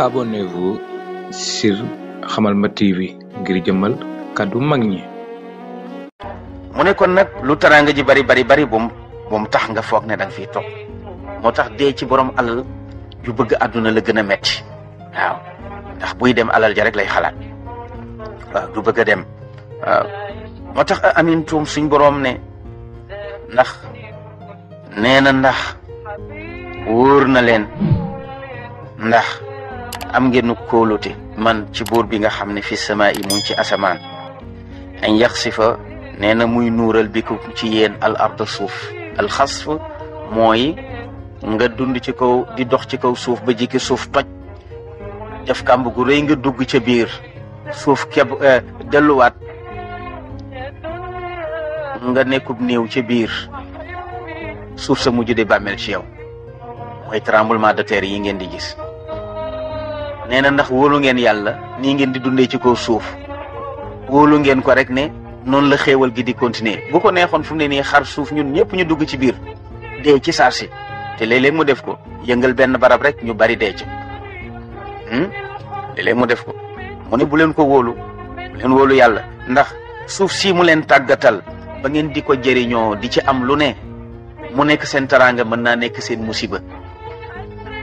Abonnez-vous sur Hamalma TV ngir jëmmal kàddu mag ñi. mu ne kon nag lu taraanga ji bari bari bari tax nga foog ne da nga fiy toog moo tax dee ci borom alal yu bëgg àdduna la gën a metti ndax buy dem alal ja rek lay xalaat waaw du bëgg a dem waaw moo tax amin tuum suñ borom ne ndax nee ndax wóor na leen ndax am ngeen kóolute man ci buur bi nga xam ne fi sama yi mu ci asamaan an yaxsifa nee na muy nuural bi ko ci yéen al arda suuf al xasf mooy nga dund ci kaw di dox ci kaw suuf ba jikki suuf toj def kàmb gu nga dugg ca biir suuf keb eh, delluwaat nga nekkub néew ca biir suuf sa mujj de bàmmeel ci yow moy tremblement de terre yi ngeen di gis neena ndax wolu ngeen yalla ni ngeen di dundé ci ko souf wolu ngeen ko rek ne non la xéewal gi di continuer bu ko neexon fu ne ni xar souf ñun ñepp ñu dugg ci biir dee ci sarsi te léeg mu def ko yëngal ben barab rek ñu bari dee ci hmm léeg mu def ko mu ne bu len ko wolu bu wolu yalla ndax souf si mu len tagatal ba ngeen di ko jëriñoo di ci am lu ne mu nekk seen taranga mën naa nekk seen musiba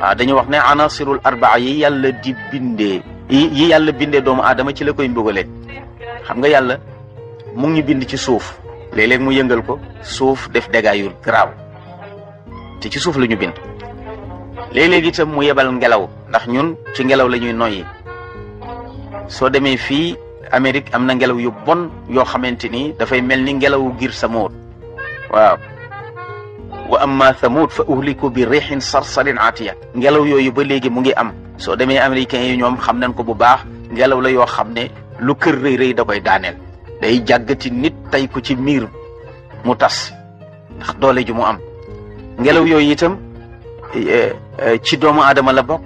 waaw dañu wax ne anasirul arbaa yi yàlla di bindee yi yàlla bindee doomu aadama ci la koy mbugalee xam nga yàlla mu ngi bind ci suuf léeg mu yëngal ko suuf def dégâts yu garaaw te ci suuf la ñu bind léeg mu yebal ngelaw ndax ñun ci ngelaw la ñuy noyyi soo demee fii Amérique am na ngelaw yu bon yoo xamante ni dafay mel ni ngelaw giir sama moot waaw wa amma thamud fa uhliku bi rihin sarsalin atiya ngelaw yooyu ba léegi mu ngi am soo demee américains yi ñoom xam nañ ko bu baax ngelaw la yoo xam ne lu kër rëy rëy da koy daaneel day jàggati nit tey ko ci miir mu tas ndax doole ji mu am ngelaw yooyu itam eh, eh, ci doomu aadama la bokk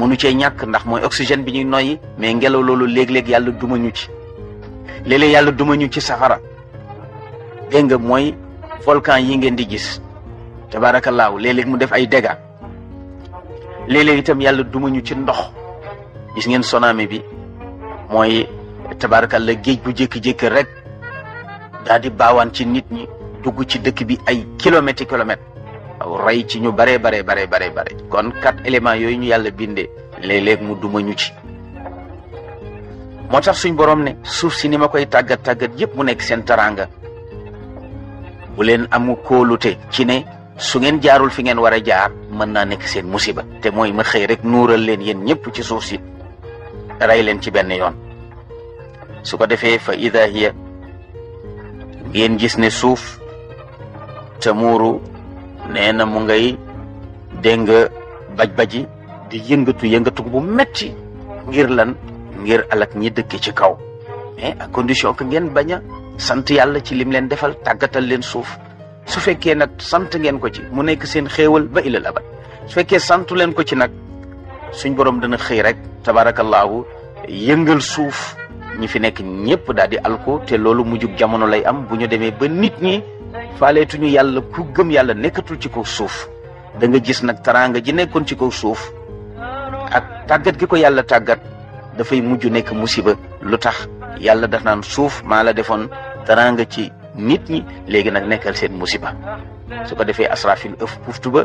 mënu cee ñàkk ndax mooy oxygène bi ñuy noyyi mais ngelaw loolu léeg-léeg yàlla duma ñu ci léeg yàlla duma ñu ci safara dégg nga mooy Volkan yi ngeen di gis tabarakallah leleg mu def ay dega leleg itam yalla duma ñu ci ndox gis ngeen tsunami bi moy tabarakallah geej bu jek jek rek daal di ci nit ñi dugg ci dekk bi ay kilomètres kilomètres aw ray ci ñu bare bare bare bare bare kon kat element yoy ñu yalla bindé leleg mu duma ñu ci motax suñ borom ne suuf si ni makoy mu nek sen taranga bu leen amu kóolute ci ne su ngeen jaarul fi ngeen war a jaar mën naa nekk seen musiba te mooy ma rek nuural leen yéen ñëpp ci suuf si ray leen ci benn yoon su ko defee fa ida hiya ngeen gis ne suuf tamuuru ne na mu ngay dégg nga baj-baji di yëngatu yëngatu bu metti ngir lan ngir alak ñi dëkk ci kaw mais à condition que ngeen sant yàlla ci lim leen defal tàggatal leen suuf su fekkee nag sant ngeen ko ci mu nekk seen xéewal ba ilal abad su fekkee santu leen ko ci nag suñ borom dana xëy rek tabaarakallaahu yëngal suuf ñi fi nekk ñëpp daal di alko te loolu mujjug jamono lay am bu ñu demee ba nit ñi faaleetuñu yàlla ku gëm yàlla nekkatul ci kaw suuf da nga gis nag taraanga ji nekkoon ci kaw suuf ak tàggat gi ko yàlla tàggat dafay mujj nekk musiba lu tax yàlla daf naan suuf maa la defoon teraanga ci nit ñi léegi nag nekkal seen musiba su ko defee asrafil ëf puftu ba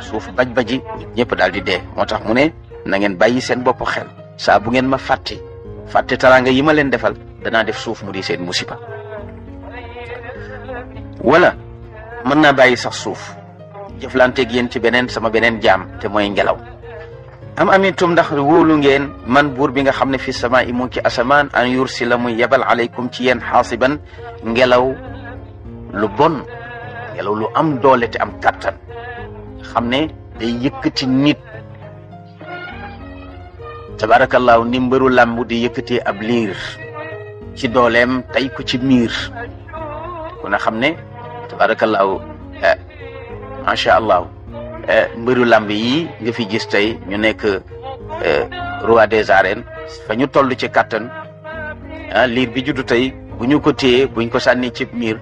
suuf baj baji nit ñëpp daal di dee moo tax mu ne na ngeen bàyyi seen bopp xel saa bu ngeen ma fàtte fàtte teraanga yi ma leen defal danaa def suuf mu di seen musiba wala mën na bàyyi sax suuf jëflanteeg yéen ci beneen sama beneen jaam te mooy ngelaw am amintum ndax wóolu ngeen man buur bi nga xam ne fi sama i mu ci asamaan an yursi la muy yebal aleykum ci yéen xaasiban ngelaw lu bon ngelaw lu am doole te am kattan xam ne day yëkkati nit tabaarakallaahu ni mbëru làmb di yëkkatee ab liir ci dooleem tey ko ci miir ku na xam ne tabaarakallaahu eh, macha allah Eh, mbiru làmb yi nga fi gis tey ñu nekk eh, roi des arènes fa ñu toll ci kattan ah, liir bi juddu tey bu ñu ko téyee buñ ko sànni ci miir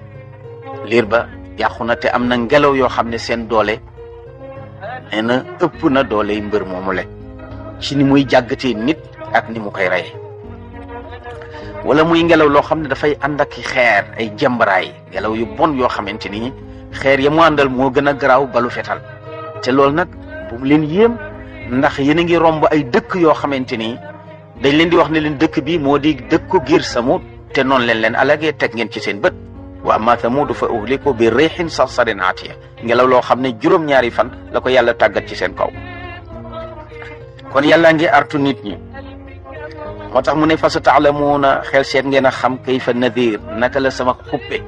liir ba yàqu na te am na ngelaw yoo xam ne seen doole nee ëpp na doole yi mbër moomu le ci ni muy jàggatee nit ak ni mu koy rey walla muy ngelaw loo xam ne dafay ànd ak i xeer ay jëmbaraay ngelaw yu bon yoo xamante ni xeer ya mu àndal moo gën a garaaw balu fetal te loolu nag bu mu leen yéem ndax yéen a ngi romb ay dëkk yoo xamante ni dañ leen di wax ne leen dëkk bi moo di dëkko giir samu te noonu leen leen alage teg ngeen ci seen bët wa amma du fa uhliku bi riixin sarsarin aatiya ngelaw loo xam ne juróom-ñaari fan la ko yàlla tàggat ci seen kaw kon yàlla ngi artu nit ñi moo tax mu ne fa sa taalamuuna xel seet ngeen a xam kayfa nadir naka la sama xuppe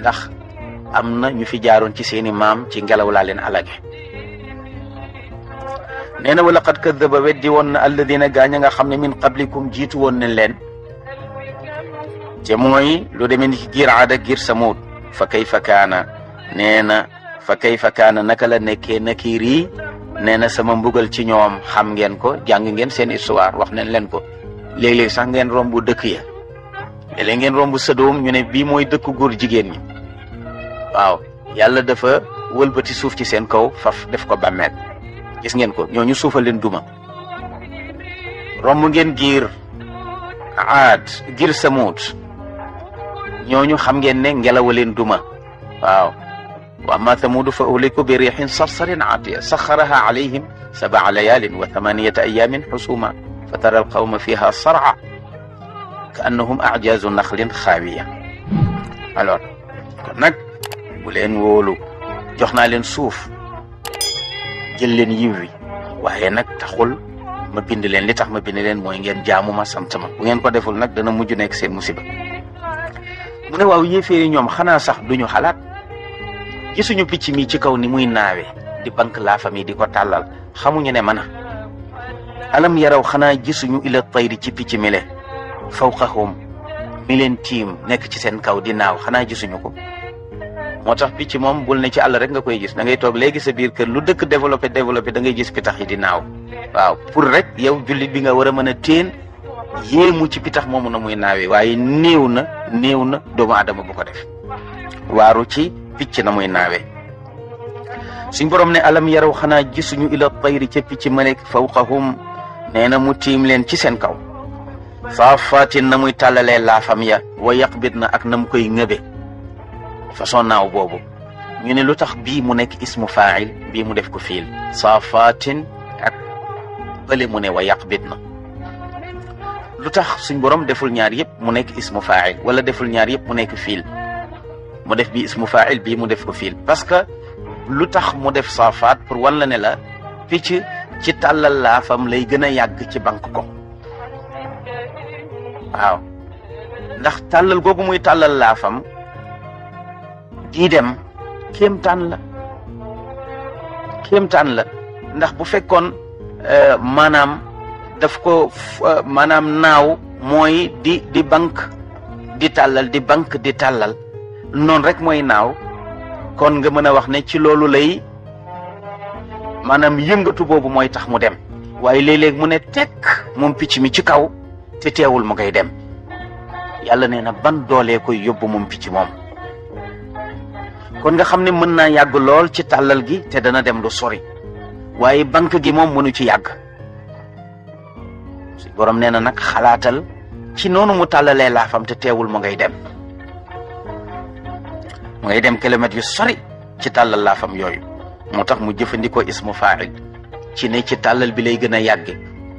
ndax am na ñu fi jaaroon ci seeni maam ci ngelaw laa leen alage nee na wa laqad kadaba weddi woon na alladina gaañ a nga xam ne min qablikum jiitu woon nañ leen te mooy lu demee ni ki giir aada giir samuud fa kayfa kaana nee na fa kayfa kaana naka la nekkee nakiir yi nee na sama mbugal ci ñoom xam ngeen ko jàng ngeen seen histoire wax nañ leen ko léeg-léeg sax ngeen romb dëkk ya léeg ngeen romb Sodom ñu ne bii mooy dëkk góor jigéen ñi waaw yàlla dafa wëlbati suuf ci seen kaw faf def ko bàmmeel gis ngeen ko ñoo ñu suufal leen duma romb ngeen giir aad giir samut ñoo ñu xam ngeen ne ngelawa leen duma waaw wa amma samuudu fa uhliku bi riixin sarsarin aatiya saxaraha alayhim sabaa layaalin wa thamaniyata ayaamin xusuma fa tara alqawma fiha sarca ka annahum acjaazu naxlin xaawiya alors kon nag bu leen wóolu jox naa leen suuf jël leen yiw wi waaye nag taxul ma bind leen li tax ma bind leen mooy ngeen jaamu ma sant ma ngeen ko deful nag dana mujj nekk seen musiba mu ne waaw yéeféeri ñoom xanaa sax duñu xalaat gisuñu picc mi ci kaw ni muy naawe di bank laa famille di ko tàllal xamuñu ne mana alam yaraw xanaa gisuñu ila tayri ci picc mi le fawqahum mi leen tiim nekk ci seen kaw di naaw xanaa gisuñu ko moo tax picc moom bul ne ci àll rek nga koy gis da ngay toog léegi sa biir kër lu dëkk développé développé dangay ngay gis pitax yi di naaw waaw pour rek yow jullit bi nga war a mën a téen yéemu ci pitax moomu na muy naawee waaye néew na néew na doomu aadama bu ko def waaru ci picc na muy naawe suñ borom ne alam yaraw xanaa gisuñu ila tayri ca picc ma nekk fawqahum nee na mu tiim leen ci seen kaw saafaatin na muy tàllale laafam ya wa yaqbit na ak na mu koy ŋëbe façon naaw boobu ñu ne lu tax bii mu nekk ismu faa'il bii mu def ko fiil saafaatin ak bële mu ne wa yaqbit na lu tax suñ borom deful ñaar yëpp mu nekk ismu faa'il wala deful ñaar yëpp mu nekk fiil mu def bii ismu faa'il bii mu def ko fiil parce que lu tax mu def saafaat pour wan la ne la picc ci tàllal laafam lay gën a yàgg ci bank ko waaw ndax tàllal googu muy tàllal laafam kii dem kéemtaan la kéemtaan la ndax bu fekkoon euh, maanaam daf ko euh, maanaam naaw mooy di di bank di tàllal di bank di tàllal noonu rek mooy naaw kon nga mën a wax ne ci loolu lay maanaam yëngatu boobu mooy tax mu dem waaye léeg-léeg mu ne tekk moom picc mi ci kaw te teewul mu ngay dem yàlla nee na ban doolee koy yóbbu moom picc moom kon nga xam ne mën naa yàgg lool ci tàllal gi te dana dem lu sori waaye bank gi moom mënu ci yàgg su borom nee na nag xalaatal ci noonu mu tàllalee laafam te teewul mu ngay dem mu ngay dem kilomètres yu sori ci tàllal laafam yooyu moo tax mu jëfandikoo ismu faa'il ci ne ci tàllal bi lay gën a yàgge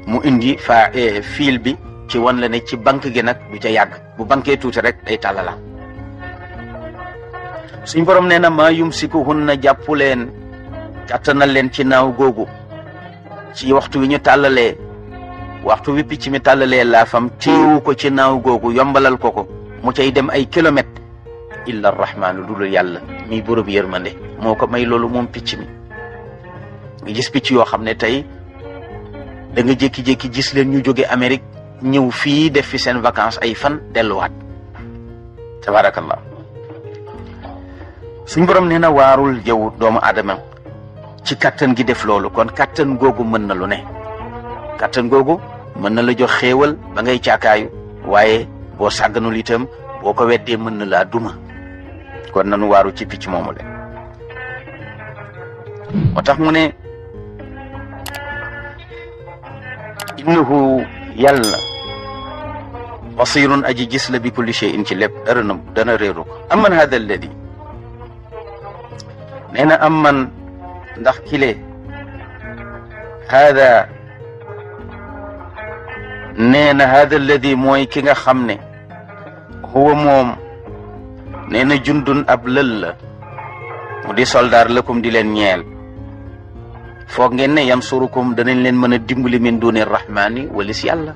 mu indi fa eh, fiil bi ci wan la ne ci banque gi nag du ca yàgg bu banquee tuuti rek day tàllala suñ borom nee na maa yum na jàpp leen kàttanal leen ci naaw googu ci waxtu wi ñu tàllalee waxtu wi picc mi tàllalee fam téewu ko ci naaw googu yombalal ko ko mu cay dem ay kilomètres illa rahmaanu dulul yàlla miy borom yërmande moo ko may loolu moom picc mi nga gis picc yoo xam ne tey danga nga jékki-jékki gis leen ñu jóge Amérique ñëw fii def fi seen vacance ay fan delluwaat tabarakallah suñ borom nee na waarul yow doomu aadama ci kattan gi def loolu kon kattan googu mën na lu ne kattan googu mën na la jox xéewal ba ngay caakaayu waaye boo sàgganul itam boo ko weddee mën na laa duma kon nanu waaru ci picc moomu le moo tax mu ne innahu yàlla basirun aji gis la bi kulli shay'in ci lépp dara na dana réeru nee na ndax kile haada nee na haada mooy ki nga xam ne huwa moom nee na jundun ab lël la mu di soldaar lëkkum di leen ñeel foog ngeen ne yam surukum danañ leen mën a dimbali min duni rahmaani walis yàlla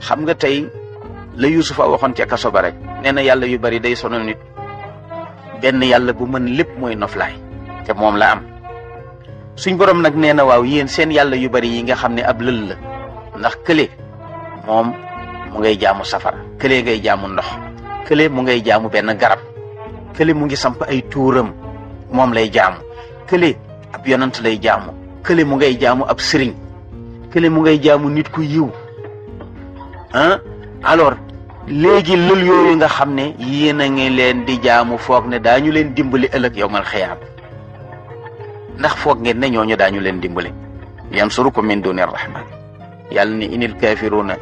xam nga tey la Yuusufa waxoon ca kaso ba rek nee na yàlla yu bari day sonal benn yàlla bu mën lépp mooy noflaay te moom la am suñ borom nag nee na waaw yéen seen yàlla yu bari yi nga xam ne ab lël la ndax kële moom mu ngay jaamu safara kële ngay jaamu ndox kële mu ngay jaamu benn garab kële mu ngi samp ay tuuram moom lay jaamu kële ab yonant lay jaamu kële mu ngay jaamu ab sëriñ kële mu ngay jaamu nit ku yiw ah alors léegi lël yooyu nga xamné ne ngi len di jaamu foog ne dañu len dimbali ëlëk yowmal xiyaam ndax foog ngeen ne ñoñu dañu len dimbali yansurukum min dunir rahman yàlla ni inil kafiruna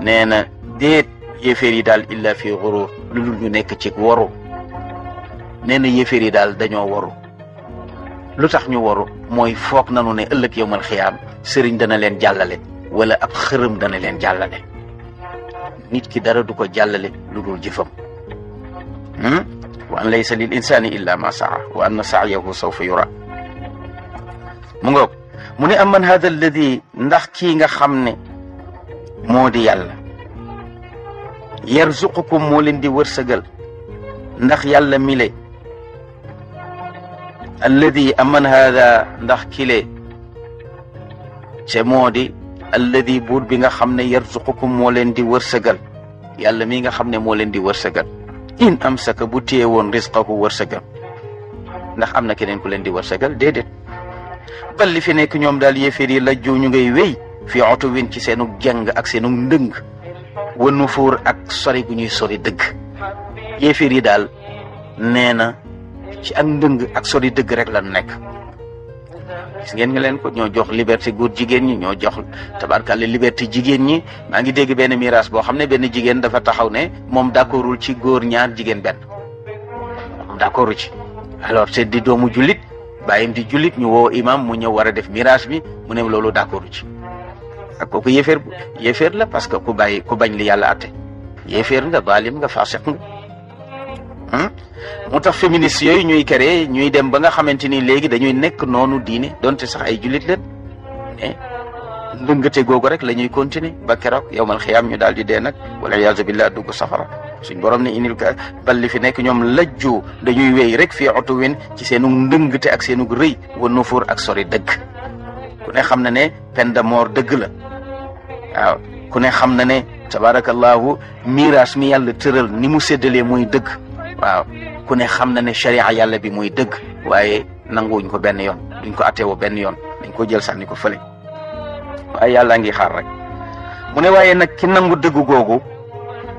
nee déet yeferi dal illa fi xurur lul ñu nekk ci woru nee yeferi dal dañu woru lutax ñu woru moy foog nanu ne ëlëk yowmal xiyaam sëriñ dana len jàllale wala ab xërëm dana len jàllale nit ki dara du ko jàllale lu dul jëfam wa an laysa lil insani illa ma saa wa anna sa'yahu sawfa yura mu ngok mu ne amman hadha alladhi ndax ki nga xamne modi yàlla yarzuqukum mo len di wërsëgal ndax yàlla mile alladi am man hada ndax kile te moo di alladi buur bi nga xam ne yarzuqukum moo leen di wërsëgal yàlla mi nga xam ne moo leen di wërsëgal in amsaka bu téye woon risqahu wërsëgal ndax am na keneen ku leen di wërsëgal déedéet bal li fi nekk ñoom daal yéeféer la lajju ñu ngay wéy fii utuwin ci seenu jàng ak seenu ndëng wa nufuur ak sori gu ñuy sori dëgg yéeféer yi daal nee na ci ak ndëng ak sori dëgg rek lan nekk gis ngeen nga leen ko ñoo jox liberté góor jigéen ñi ñoo jox tabarkàlla liberté jigéen ñi maa ngi dégg benn miraas boo xam ne benn jigéen dafa taxaw ne moom d'accordul ci góor ñaar jigéen benn moom ci alors c'est di doomu jullit bàyyim di jullit ñu woo imam mu ñëw war a def miraas bi mu ne loolu d'accordu ci ak kooku yéeféer yéeféer la parce que ku bàyyi ku bañ li yàlla atte yéeféer nga baalim nga faasiq Hmm? moo tax féministes yooyu ñuy créé ñuy dem ba nga xamante ni léegi dañuy nekk noonu diine donte sax ay jullit leen eh? mais ndëngate googu rek la ñuy continuer ba keroog yow mal xiyaam ñu daal di dee nag wala yaasu billah dugg safara suñ borom ne inil ka balli fi nekk ñoom lajju dañuy wéy rek fii otuwin ci seenu ndëngate ak seenu rëy wa fur ak sori dëgg ku ne xam na ne peine de mort dëgg la waaw ku ne xam na ne tabaarakallahu miraas mi yàlla tëral ni mu séddalee mooy dëgg waaw ku ne xam na ne sharia yàlla bi muy dëgg waaye nanguwuñ ko benn yoon duñ ko atewoo benn yoon dañ ko jël sànni ko fële waaye yàlla ngi xaar rek mu ne waaye nag ki nangu dëgg googu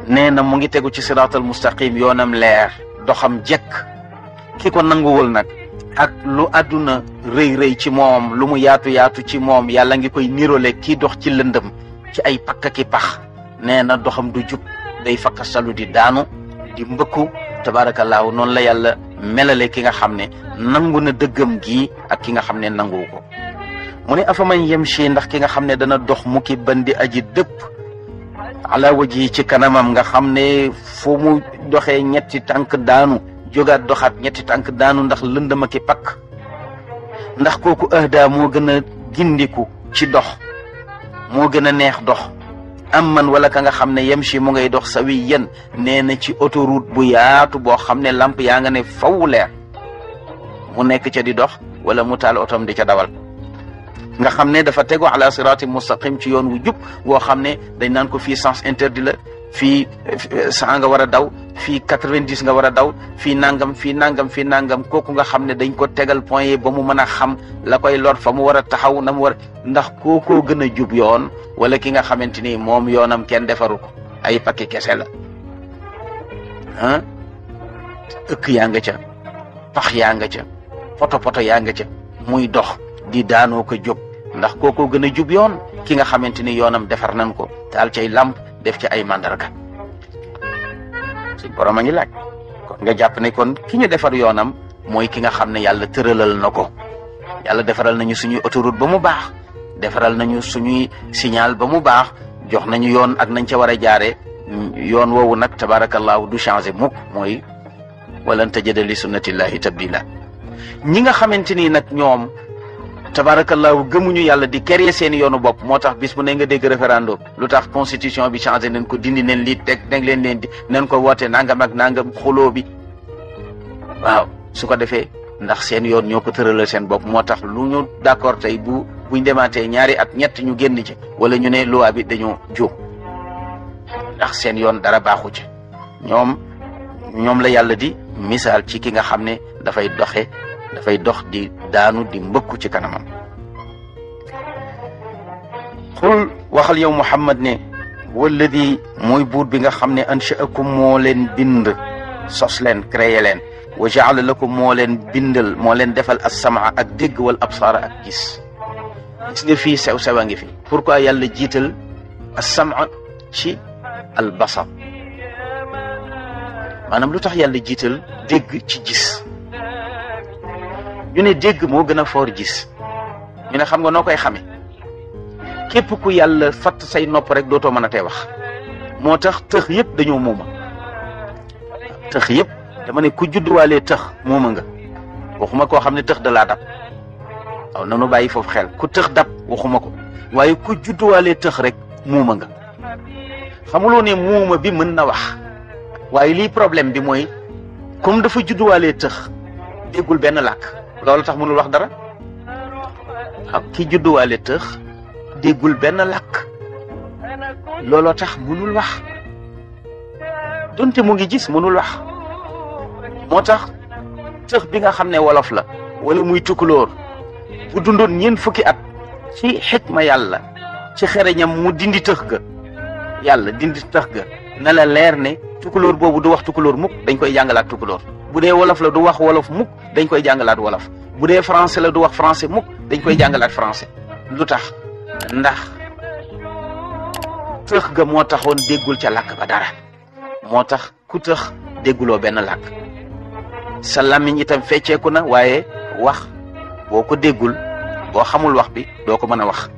nee na mu ngi tegu ci siraatal mustaqim yoonam leer doxam jekk ki ko nanguwul nag ak lu àdduna rëy rëy ci moom lu mu yaatu yaatu ci moom yàlla ngi koy nirole ki dox ci lëndëm ci ay pakk ki pax nee na doxam du jub day fakkasalu di daanu di mbëkku tabaarakallaahu noonu la yàlla melale ki nga xam ne nangu na dëggam gi ak ki nga xam ne nanguwu ko mu ne afaman yamshi ndax ki nga xam ne dana dox mu ki bandi aji dëpp ala waji ci kanamam nga xam ne fu mu doxee ñetti tànk daanu jógaat doxaat ñetti tànk daanu ndax lëndama ki pakk ndax kooku ahda moo gën a gindiku ci dox moo gën a neex dox am man wala ka nga xam ne yem si mu ngay dox sa wi yen nee na ci autoroute bu yaatu boo xam ne lamp yaa nga ne faw leer mu nekk ca di dox wala mu taal otom di ca dawal nga xam ne dafa tegu ala sirati mustaqim ci yoon wu jub woo xam ne dañ naan ko fii sens interdit la Fi cent nga daw fi 90 nga wara daw fi nangam fi nangam fi nangam koku nga xamne dañ ko tegal point ba mu meuna xam la koy lor fa mu wara taxaw na mu war ndax koku gëna jub yoon wala ki nga xamanteni mom yoonam ken defaru ko ay paquet kese la ah ëkk ya nga ca pax ya nga ca photo photo ya nga ca muy dox di daano ko jub ndax koku gëna jub yoon ki nga xamanteni yoonam defar nan ko cey def ci ay mandarga suñ borom a ngi laaj kon nga jàpp ne kon ki ñu defar yoonam mooy ki nga xam ne yàlla tëralal na ko yàlla defaral nañu suñuy autoroute ba mu baax defaral nañu suñuy signal ba mu baax jox nañu yoon ak nañ ca war a jaare yoon woowu nag tabaarakallaahu du changé mukk mooy walan te li sunnatillahi tabdila ñi nga xamante ni ñoom tabaarakallaahu gëmuñu yàlla di créer seeni yoonu bopp moo tax bis bu ne ga dégg référendum lu tax constitution bi changé nañ ko dindi neen lii teg nañ leen leen di nañ ko woote nangam ak nangam xuloo bi waaw su ko defee ndax seen yoon ñoo ko tëralal seen bopp moo tax lu ñu d'accord tey bu buñ demaatee ñaari at ñett ñu génn ci wala ñu ne loi bi dañoo jóg ndax seen yoon dara baaxu ci ñoom ñoom la yàlla di misaal ci ki nga xam ne dafay doxe da fay dox di daanu di mbëkku ci kanamam xul waxal yow muhammad ne waladi moy buur bi nga xamne anshaakum mo len bind sos len créer len wa jaala lakum mo len bindal mo len defal as-sam'a ak deg wal absara ak gis gis nga fi sew sew nga fi pourquoi yàlla jital as-sam'a ci al-basar manam lutax yàlla jital deg ci gis ñu ne dégg moo gën a foor gis ñu ne xam nga noo koy xame képp ku yàlla fatt say nopp rek dootoo mën a tee wax moo tax tëx yëpp dañoo muuma tëx yëpp dama ne ku judduwaalee tëx muuma nga waxuma koo xam ne tëx dalaa laa dab waaw nanu bàyyi foofu xel ku tëx dab waxuma ko waaye ku judduwaalee tëx rek muuma nga xamuloo ne muuma bi mën na wax waaye lii problème bi mooy comme dafa judduwaalee tëx déggul benn làkk loolu tax mënul wax dara waaw ki walé teux degul ben lak looloo tax mënul wax donte mo ngi gis mënul wax motax teux bi nga xamné wolof la wala muy tukulor bu dundon ñeen fukki at ci hikma yalla ci xereñam mu dindi teux ga yalla dindi teux ga na la leer ne tukulor bobu du wax tukulor mukk dañ koy jangalat tukulor budé wolof la du wax wolof muk dañ koy jangalat wolof budé français la du wax français muk dañ koy jangalat français lutax ndax tax ga mo taxone degul ca lak ba dara ku tax degulo ben lak benn làkk tam fecce itam na waye wax boko degul bo xamul wax bi doo ko wax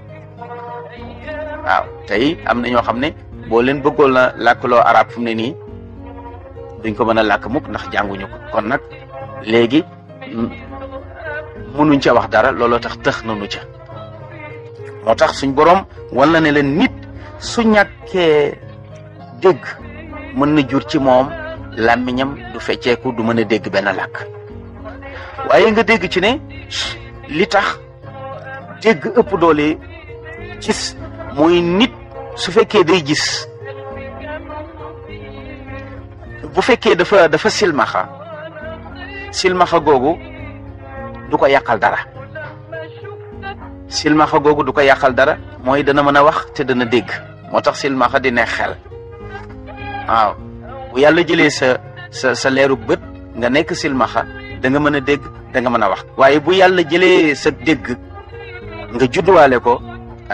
waaw tay am na ño xamne bo len beggol na na lo arab fu duñ ko mën a làkk mukk ndax jànguñu ko kon nag léegi mënuñ ca wax dara looloo tax tëx nañu ca moo tax suñ boroom wala ne leen nit su ñàkkee dégg mën na jur ci moom làmmiñam du fecceeku du mën a dégg benn làkk waaye nga dégg ci ne li tax dégg ëpp doole gis muy nit su fekkee day gis bu fekke dafa dafa silmaxa silmaxa googu du ko yakal dara silmaxa googu du ko yakal dara moy dana meuna wax te dana deg motax silmaxa di neex xel bu yalla jele sa sa sa leeru beut nga nekk silmaxa da nga meuna deg da nga meuna wax waye bu yalla jele sa deg nga judduwaale ko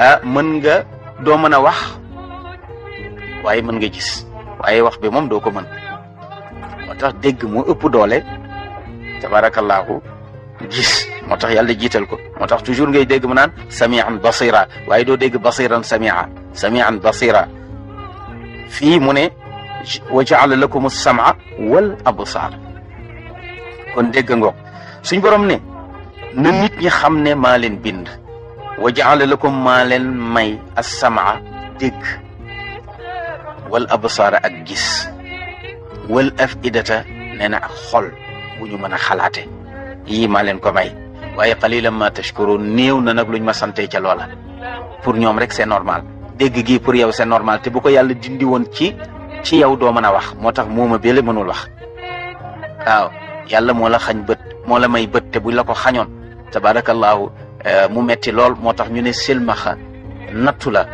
ah meun nga do meuna a wax waye meun nga gis waye wax bi mom do ko meun moo tax dégg moo ëpp doole tabaarakallaahu gis moo tax yàlla jiital ko moo tax toujours ngay dégg mu naan samian basira waaye doo dégg basiran samia samian basira fii mu ne wa jaala lakum as-sam'a wal absar kon dégg nga suñ borom ne na nit ñi xam ne maa leen bind wa jaala lakum maa leen may as-sam'a dégg wal absara ak gis wal afidata nee na ak xol bu ñu mën a xalate yii maa leen ko may waaye qalilan ma tashkuru néew na nag luñ ma sante ca loola pour ñoom rek c'est normal dégg gi pour yow c'est normal te bu ko yàlla dindi woon ci ci yow doo mën a wax moo tax mooma bele mënul wax waaw yàlla moo la xañ bët moo la may bët te buñ la ko xañoon tabaarakallaahu euh, mu metti lool moo tax ñu ne silmaxa nattu la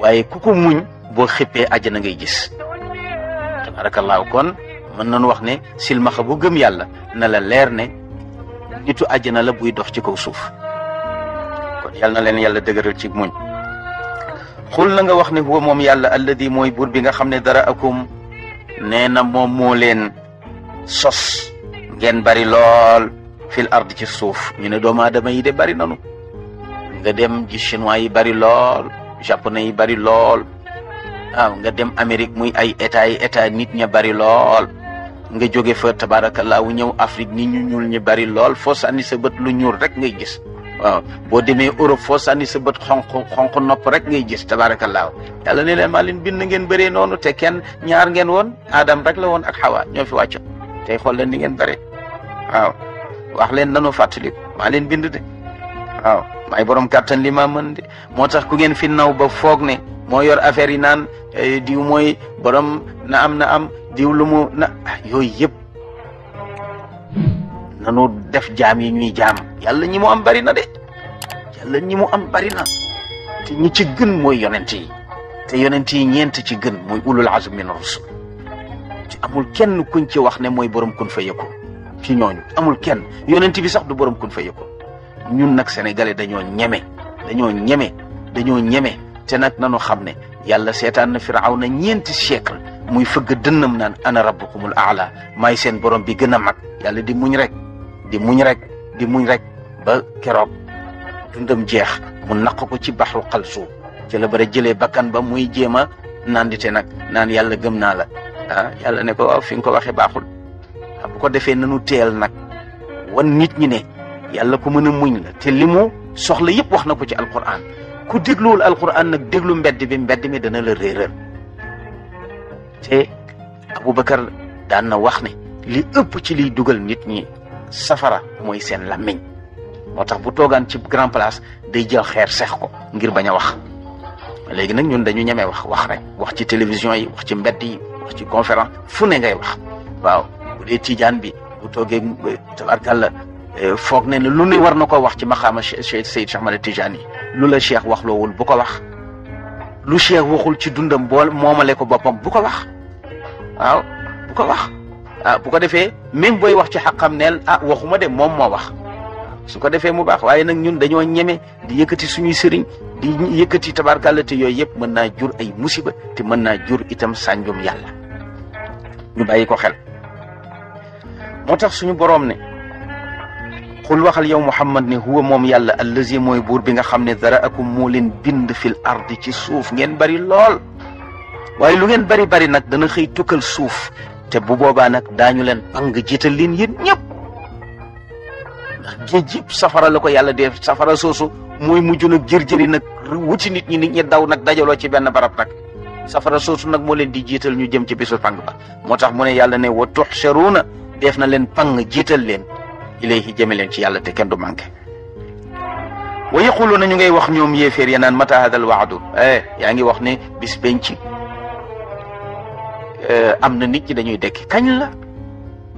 waaye ku ko muñ boo xippee àjjana ngay gis barakallaahu kon mën nañu wax ne silmaxa bu gëm yàlla na la leer ne nitu àjjana la buy dox ci kaw suuf kon yal na leen yàlla dëgëral ci muñ xul na nga wax ne huwa moom yàlla alladi mooy buur bi nga xam ne dara akum nee na moom moo leen sos ngeen bari lool fil ard ci suuf ñu ne doomu aadama yi de bari nanu nga dem ji chinois yi bari lool japonais yi bari lool waaw nga dem amerique muy ay état yi état nit ña bari lool nga jóge fa tabaarakallaahu ñëw Afrique nit ñu ñuul ñi bari lool foo sànni sa bët lu ñuul rek ngay gis waaw boo demee Europe foo sani sa bët xonq xonq nopp rek ngay gis tabaarakallaahu yàlla ne leen maa leen bind ngeen bëree noonu te kenn ñaar ngeen woon Adam rek la woon ak Xawa ñoo fi wàccoon tey xool leen ni ngeen bëree wax leen nanu fàttali maa leen bind de waaw maay borom kàttan li ma mën de moo tax ku ngeen fi naw ba foog ne. moo yor affaire yi naan eh, diw mooy borom na am na am diw lu na ah, yooyu yëpp nanu def jaam yi ñuy jaam yàlla ñi mu am bari na de ñi mu am bari na ñi ci gën mooy yonent yi te yonent yi ñeent ci gën mooy ulul azm min rusul ci amul kenn kuñ ci wax ne mooy borom kun fa yëkku ci ñooñu amul kenn yonent bi sax du borom kun fa yëkku ñun nag sénégalais dañoo ñeme dañoo ñeme dañoo ñeme te nag nanu xam ne yàlla seetaan na firawna ñeenti siècle muy fëgg dënnam naan ana rabbukumul aala may seen borom bi gën a mag yàlla di muñ rek di muñ rek muñ rek ba keroog dundam jeex mu naq ko ci baxru xalsu ci la bara jëlee bakkan ba muy jéem a nandite nag naan yàlla gëm naa la ah yàlla ne ko waaw nga ko waxee baaxul a ah, ko defee nanu teel nag wan nit ñi ne yàlla ko mën a muñ la te li soxla yëpp wax na ko ci alquran ku dégluwul alquran nag déglu mbedd bi mbedd mi dana la réeral te Aboubacar daan na wax ne li ëpp ci liy dugal nit ñi safara mooy seen làmmiñ moo tax bu toogaan ci grand place day jël xeer seex ko ngir bañ a wax léegi nag ñun dañu ñemee wax wax rek wax ci télévision yi wax ci mbedd yi wax ci conférence fu ne ngay wax waaw bu dee tijaan bi bu toogee tabarkàlla Euh, foog ne ne lu ne war na ko wax ci maqaama Cheikh Seyd Cheikh Ahmad Tidiane lu la Cheikh waxloowul loowul ko wax lu Cheikh waxul ci dundam bool moomale ko boppam bu ko wax waaw bu ko wax ah bu ko defee même booy wax ci xaqam neel a ah, waxuma de moom moo wax su ko defee mu baax waaye nag ñun dañoo ñeme di yëkkati suñuy sëriñ di yëkkati tabarkàlla te yooyu yëpp mën naa jur ay musiba te mën naa jur itam sànjum yàlla ñu bàyyi ko xel moo tax suñu boroom ne xul waxal yow muhammad ne huwa moom yàlla allazi mooy buur bi nga xam ne dara akum moo leen bind fil ardi ci suuf ngeen bari lool waaye lu ngeen bari bari nag dana xëy tukkal suuf te bu boobaa nag daañu leen pang jiital leen yéen ñëpp ndax géej yëpp safara la ko yàlla def safara soosu mooy mujj nag jërjëri nag wuti nit ñi nit ñi daw nag dajaloo ci benn barab nag safara soosu nag moo leen di jiital ñu jëm ci bisul pang ba moo tax mu ne yàlla ne wa tuxcharuuna def na leen pang jiital leen ilayhi jëme leen ci yàlla te kenn du manqué wa yaquluuna ñu ngay wax ñoom yéeféer ya naan mata hadal waadu eh yaa ngi wax ne bis benci eh, am na nit ñi dañuy dekki kañ la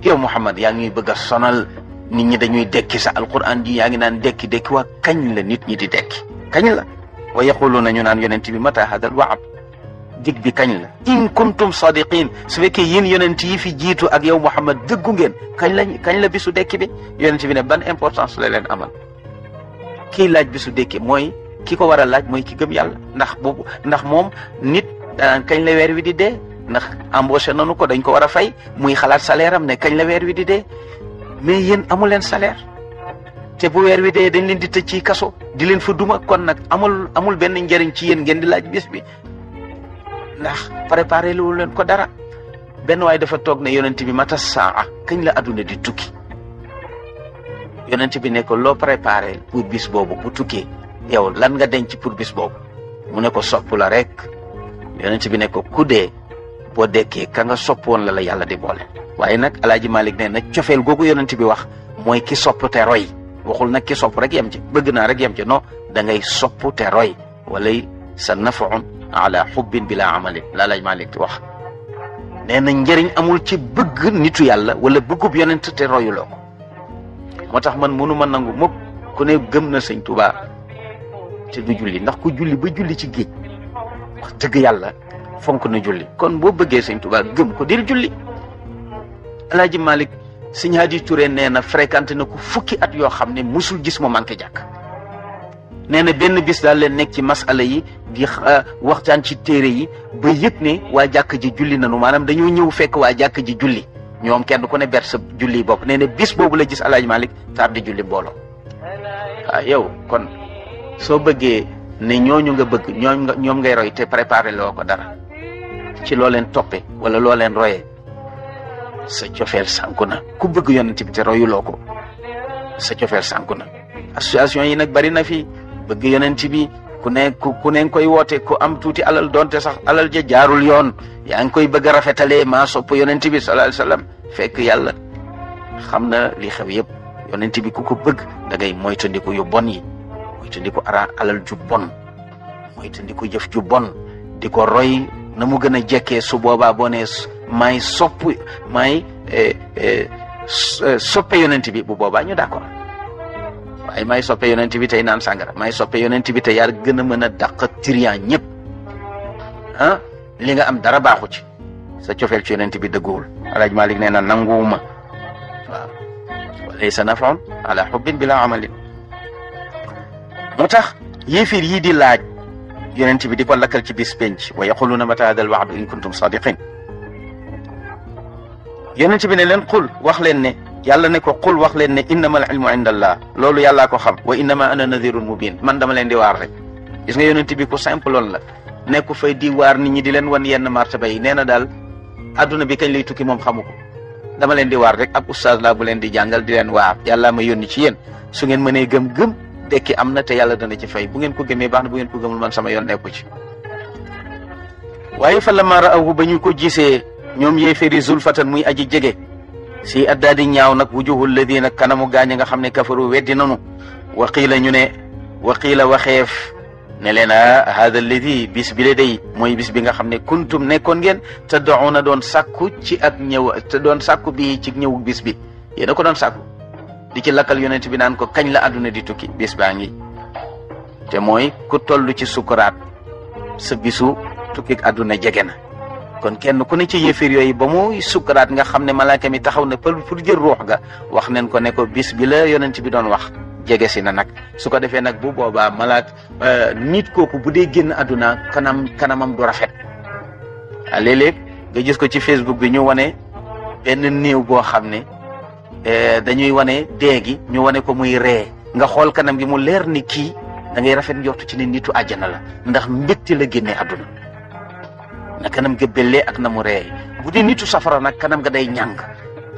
yow Muhammad yaa ngi bëgg a sonal nit ñi dañuy dekki sa alquran ji yaa ngi naan dekki dekki waa kañ la nit ñi di dekki kañ la wa yaquluuna ñu naan yonent bi mata hadal waadu dig bi kañ la in kuntum sadiqin su fekkee yéen yonent yi fi jiitu ak yow Muhammad dëggu ngeen kañ lañ kañ la bisu dekki bi yonent bi ne ban importance la leen amal kii laaj bisu dekki mooy ki ko war a laaj mooy ki gëm yàlla ndax boobu ndax moom nit danaan kañ la weer wi di dee ndax embauché nanu ko dañ ko war a fay muy xalaat salaire am ne kañ la weer wi di dee mais yéen amu leen salaire te bu weer wi dee dañ leen di tëj ci kaso di leen fa duma kon nag amul amul benn njëriñ ci yéen ngeen di laaj bis bi ndax préparé lu leen ko dara benn waay dafa toog ne yonent bi mata saa kañ la adduna di tukki yonent bi ne loo préparé pour bis boobu bu tukkee yow lan nga denc pour bis boobu mu ne ko sopp la rek yonent bi ne ko ku dee boo dekkee ka nga sopp woon la la yàlla di boole waaye nag alaaji Malick ne na cofeel googu yonent bi wax mooy ki sopp te roy waxul nag ki sopp rek yem ci bëgg naa rek yem ci non da ngay sopp te roy walay sa nafaun ala xubbin bila amalin laa laaj maa leen wax nee na njëriñ amul ci bëgg nitu yàlla wala bëggub yonent te royuloo ko moo tax man mënu ma nangu mukk ku ne gëm na sëñ Tuubaa te du julli ndax ku julli ba julli ci géej wax dëgg yàlla fonk na juli kon boo bëggee sëñ Tuubaa gëm ko dil julli alaaji Malick Sëñ Hadi Touré nee na fréquenté na ko fukki at yoo xam ne musul gis mu manqué jàkk nee na benn bis daal leen nekk ci masala yi di euh, waxtaan ci téere yi ba yëg ne waa jàkk ji julli nanu maanaam dañoo ñëw fekk waa jàkk ji julli ñoom kenn ku ne ber sa julli bopp nee na bis boobu la gis Alaaji Malick Sarr di julli mbooloo ah yow kon soo bëggee ne ñooñu nga bëgg ñooñu nga ñoom ngay roy te préparé loo ko dara ci loo leen toppe wala loo leen royee sa cofeel sànku na ku bëgg yonent bi te royuloo ko sa cofeel sànku na association yi nag bari fii bëgg yonent bi ku ne ku ne koy woote ku am tuuti alal donte sax alal je jaarul yoon yaa ngi koy bëgg a rafetalee maa sopp yonent bi sallallahu alayhi wasallam fekk yàlla xam na li xew yëpp yonent ku ko bëgg da ngay moytandiku yu bon yi moytandiku ara alal ju bon moytandiku jëf ju bon di ko roy na mu gën a jekkee su boobaa boo nee maay sopp maay eh, eh, eh, soppe yonent bi bu boobaa ñu d'accord waaye may soppe yonent bi tey naan sàngara may soppe yonent bi tey yaa gën a mën a dàq tiriyan ñëpp ah li nga am dara baaxu ci sa cofeel ci yonent bi dëgguwul alaaj Malik nee na nanguwuma waaw walaysa nafon ala xubbin bila amalin moo tax yéefir yii di laaj yonent bi di ko lakkal ci bis penc wa yaquluna mata hada alwaadu in kuntum sadiqin yonent bi ne leen qul wax leen ne yàlla ne ko qul wax leen ne innamal ilmu indallah loolu yàllaa ko xam wa innama ana nadirun mubin man dama leen di waar rek gis nga yonent bi ku simple loon la nekku fay di waar nit ñi di leen wan yenn martaba yi nee na daal adduna bi kañ lay tukki moom xamu ko dama leen di waar rek ab oustaz laa bu leen di jàngal di leen waar yàllaa ma yónni ci yéen su ngeen mënee gëm-gëm dekki am na te yàlla dana ci fay bu ngeen ko gëmee baax na bu ngeen ko gëmul man sama yoon nekku ci ñoom yéeféri zulfatan muy aji jege si addaadi ñaaw nag wujuhu alladina kanamu gaañ nga xam ne kafaru weddi nanu wa qiila ñu ne wa qiila waxeef ne leen a ah, haada alladi bis bi la day mooy bis bi nga xam ne kuntum nekkoon ngeen te doona doon sakku ci ak ñëw te doon sàkku bi ci ñëw bis bi yéena ko doon sàkku di ci lakkal yonent bi naan ko kañ la àdduna di tukki bis baa ngi te mooy ku tollu ci sukuraat sa bisu tukki àdduna jege na kon kenn ku ne ci yéefir yooyu ba mu sukkaraat nga xam ne malaaka mi taxaw na pël pour jël ruux ga wax neen ko ne ko bis bi la yonent bi doon wax jege si na nag su ko defee nag bu boobaa malaak euh, nit kooku bu dee génn kanam kanamam du rafet ah, léeg-léeg nga gis ko ci facebook bi ñu wane benn néew boo xam ne euh, dañuy wane dee gi ñu wane ko muy ree nga xool kanam gi mu leer ni kii da ngay rafet njortu ci ne nitu àjjana la ndax mbégte la génnee àdduna na kanam ga bellee ak na mu reey bu dee nitu safara nag kanam ga day ñàng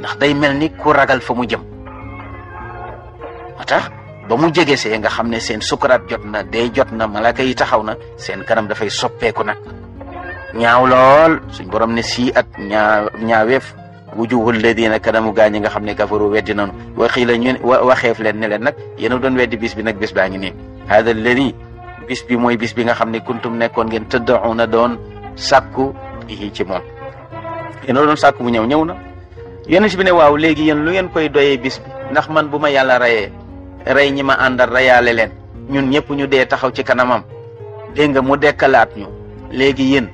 ndax day mel ni ku ragal fa mu jëm moo tax ba mu jege see nga xam ne seen sukuraat jot na dee jot na malaaka yi taxaw na seen kanam dafay soppeeku nag ñaaw lool suñ borom ne sii at ñaa ñaaweef wujuhul ladina kanamu gaañ ñi nga xam ne kafaru weddi nanu waxii la ñu waxeef leen ne leen nag yéena doon weddi bis bi nag bis baa ngi nii haada alladi bis bi mooy bis bi nga xam ne kuntum nekkoon ngeen tëddauna doon sàkku yi ci moom yéen doon sàkku bu ñëw ñëw na yonent bi ne waaw léegi yéen lu ngeen koy doyee bis bi ndax man bu ma yàlla reyee rey ñi ma àndal reyaale leen ñun ñëpp ñu dee taxaw ci kanamam dégg nga mu dekkalaat ñu léegi yéen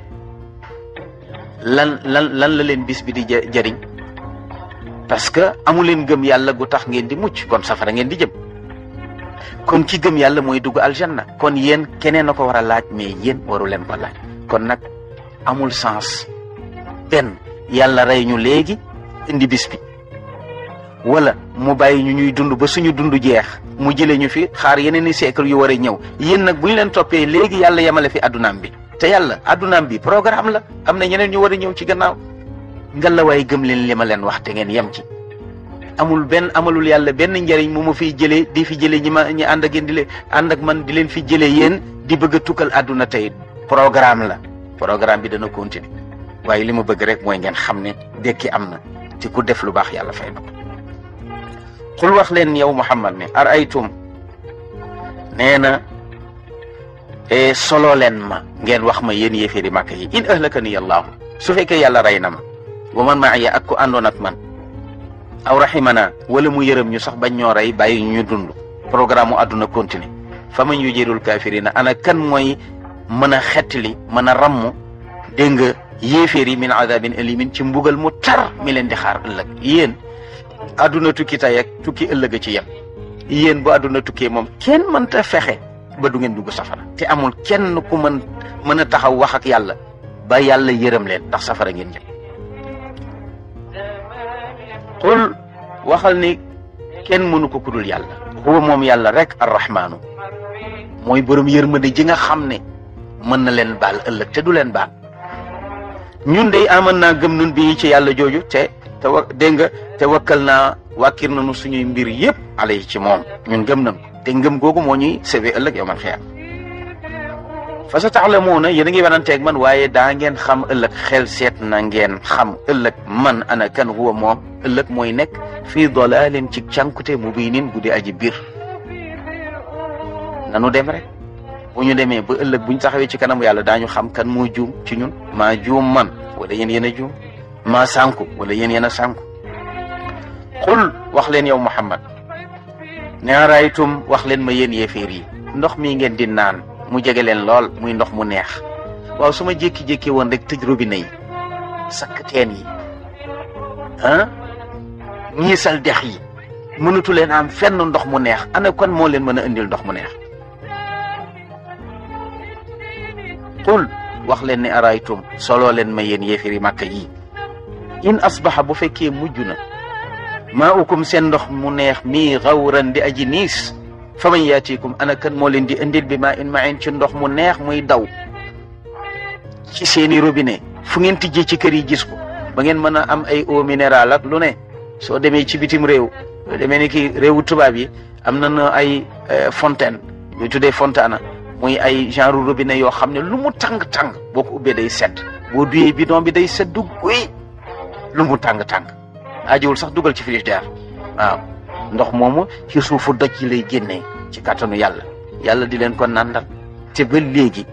lan lan lan la leen bis bi di jëriñ parce que amu leen gëm yàlla gu tax ngeen di mucc kon safara ngeen di jëm kon ki gëm yàlla mooy dugg aljanna kon yéen keneen a ko war a laaj mais yéen waru leen ko laaj kon nag amul sens ben yalla ray ñu legi, indi bis bi wala mu bàyyi ñu ñuy dund ba suñu dund jeex mu jëlee ñu fi xaar yeneen ni siècle yu wara ñew yeen nak buñu leen topé léegi yalla yemale fi adunaam bi te yalla adunaam bi programme la amna ñeneen ñu wara ñew ci gannaaw way gëm leen lima leen wax te ngeen yam ci amul ben amalul yalla ben njariñ mu mu fi jëlee di fi jele ñima ñi and ak yéen di leen ak man di leen fi jele yeen di bëgg tukkal àdduna programme la programme bi dana continuer waaye li ma bëgg rek mooy ngeen xam ne dekki am na ci ku def lu baax yàlla fay na ko xul wax leen yow Muhammad ne ar ay nee na eh, solo leen ma ngeen wax ma yéen yéeféeri màkk yi in ahlakani allahu su fekkee yàlla rey na ma wa man maaya ak ku àndoon ak man aw rahimana wala mu yërëm ñu sax bañ ñoo rey bàyyi ñu dund programme mu àdduna continuer fa man yujirul kafirina ana kan mooy mën a xettali mën a ramm dégg nga yéeféer yi min azabin alimin ci mbugal mu tar mi leen di xaar ëllëg yéen àdduna tukki tey ak tukki ëllëg ci yem yéen bu àdduna tukkee moom kenn mënta fexe ba du ngeen dugg safara te amul kenn ku mën mën a taxaw wax ak yàlla ba yàlla yërëm leen ndax safara ngeen jëm xul waxal ni kenn mënu ko kudul yàlla huwa moom yàlla rek arrahmaanu mooy borom yërmande ji nga xam ne mën na leen baal ëllëg te du leen baal ñun de aman naa gëm nun bi ci yàlla jooju te te wa dégg nga te wakkal naa wàkkir nañu suñuy mbir yëpp alay ci moom ñun gëm nañ te ngëm googu moo ñuy sebe ëllëg yow man xeer fa sa taxlamuuna yéen a ngi wananteeg man waaye daa ngeen xam ëllëg xel seet na ngeen xam ëllëg man ana kan huwa moom ëllëg mooy nekk fii dalaalin ci cànkute mubinin guddi aji biir nanu dem rek buñu démé ba ëlëk bu taxawé ci kanam yàlla dañu xam kan mo joom ci ñun ma joom man wala yéen yéen joom ma sànku wala yéen yéen sànku qul wax leen yow muhammad ne raaytum wax leen ma yéen yéeféer yi ndox mi ngeen di naan mu jege leen lool muy ndox mu neex waaw suma ma jékki-jékki woon rek tëj robinet yi sakk teen yi ah ñiisal dex yi mënatu leen am fenn ndox mu neex ana kon moo leen mën a indil ndox mu neex qul wax leen ne araytum soloo leen ma yéen yéefiri màkka yi in asbaxa bu fekkee mujj na maa ukum seen ndox mu neex mii xawran di aji niis fa man yaatiikum ana kan moo leen di indil bi ma in main ci ndox mu neex muy daw ci seeni robine fu ngeen tijjee ci kër yi gis ko ba ngeen mën a am ay eau minérale ak lu ne soo demee ci bitim réew demee ni ki réewu tubaab yi am na ay eh, fontaine ñu tuddee fontana muy ay genre robinet yoo xam ne lu mu tàng-tàng boo ko ubbee day sedd boo duyee bidon bi day sedd guy lu mu tàng-tàng ajiwul sax dugal ci frigidaire waaw ndox moomu ci suufu doj yi lay génnee ci kàttanu yàlla yàlla di leen ko nàndal te ba léegi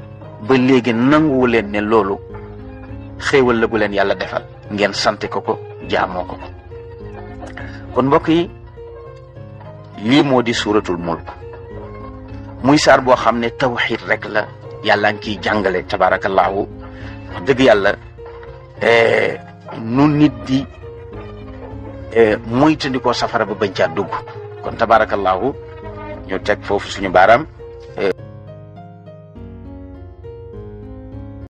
ba léegi nanguwu leen ne loolu xéewal la bu leen yàlla defal ngeen sante ko ko jaamoo ko ko kon mbokk yi lii moo di suuratul mulk muy saar boo xam ne tawxiid rek la yàlla ngi ciy jàngale tabaarakallaahu wax dëgg yàlla eh, nu nit di eh, moytandikoo safara ba bañ caa dugg kon tabaarakallaahu ñu teg foofu suñu baaraam eh.